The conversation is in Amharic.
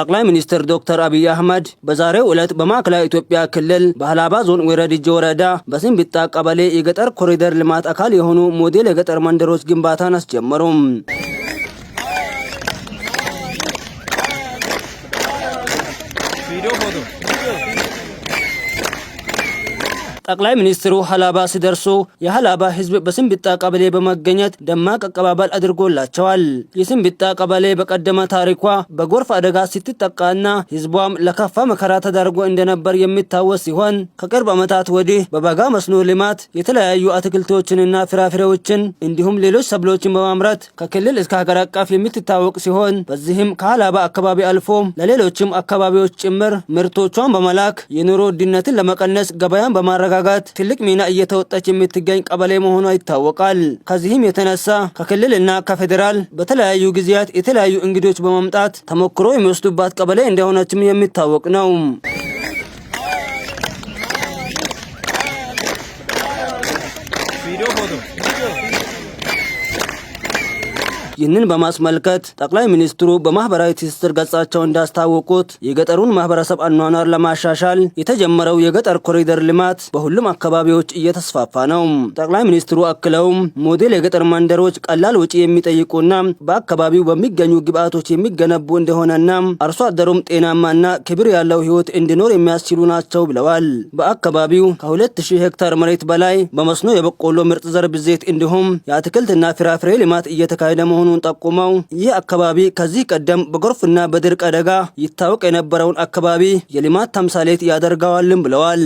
ጠቅላይ ሚኒስትር ዶክተር አብይ አህመድ በዛሬው ዕለት በማዕከላዊ ኢትዮጵያ ክልል በሀላባ ዞን ወረድጅ ወረዳ በስንብጣ ቀበሌ የገጠር ኮሪደር ልማት አካል የሆኑ ሞዴል የገጠር መንደሮች ግንባታን አስጀመሩም። ቪዲዮ ፎቶ ጠቅላይ ሚኒስትሩ ሀላባ ሲደርሱ የሀላባ ህዝብ በስንብጣ ቀበሌ በመገኘት ደማቅ አቀባበል አድርጎላቸዋል። የስንብጣ ቀበሌ በቀደመ ታሪኳ በጎርፍ አደጋ ስትጠቃና ህዝቧም ለከፋ መከራ ተዳርጎ እንደነበር የሚታወስ ሲሆን ከቅርብ ዓመታት ወዲህ በበጋ መስኖ ልማት የተለያዩ አትክልቶችንና ፍራፍሬዎችን እንዲሁም ሌሎች ሰብሎችን በማምረት ከክልል እስከ ሀገር አቀፍ የምትታወቅ ሲሆን በዚህም ከሀላባ አካባቢ አልፎ ለሌሎችም አካባቢዎች ጭምር ምርቶቿን በመላክ የኑሮ ውድነትን ለመቀነስ ገበያን በማረጋ መረጋጋት ትልቅ ሚና እየተወጣች የምትገኝ ቀበሌ መሆኗ ይታወቃል። ከዚህም የተነሳ ከክልል እና ከፌዴራል በተለያዩ ጊዜያት የተለያዩ እንግዶች በመምጣት ተሞክሮ የሚወስዱባት ቀበሌ እንደሆነችም የሚታወቅ ነው። ይህንን በማስመልከት ጠቅላይ ሚኒስትሩ በማህበራዊ ትስስር ገጻቸው እንዳስታወቁት የገጠሩን ማህበረሰብ አኗኗር ለማሻሻል የተጀመረው የገጠር ኮሪደር ልማት በሁሉም አካባቢዎች እየተስፋፋ ነው። ጠቅላይ ሚኒስትሩ አክለውም ሞዴል የገጠር መንደሮች ቀላል ወጪ የሚጠይቁና በአካባቢው በሚገኙ ግብአቶች የሚገነቡ እንደሆነና አርሶ አደሩም ጤናማና ክብር ያለው ህይወት እንዲኖር የሚያስችሉ ናቸው ብለዋል። በአካባቢው ከ2000 ሄክታር መሬት በላይ በመስኖ የበቆሎ ምርጥ ዘር ብዜት እንዲሁም የአትክልትና ፍራፍሬ ልማት እየተካሄደ መሆኑ መሆኑን ጠቁመው ይህ አካባቢ ከዚህ ቀደም በጎርፍና በድርቅ አደጋ ይታወቅ የነበረውን አካባቢ የልማት ተምሳሌት ያደርገዋልም ብለዋል።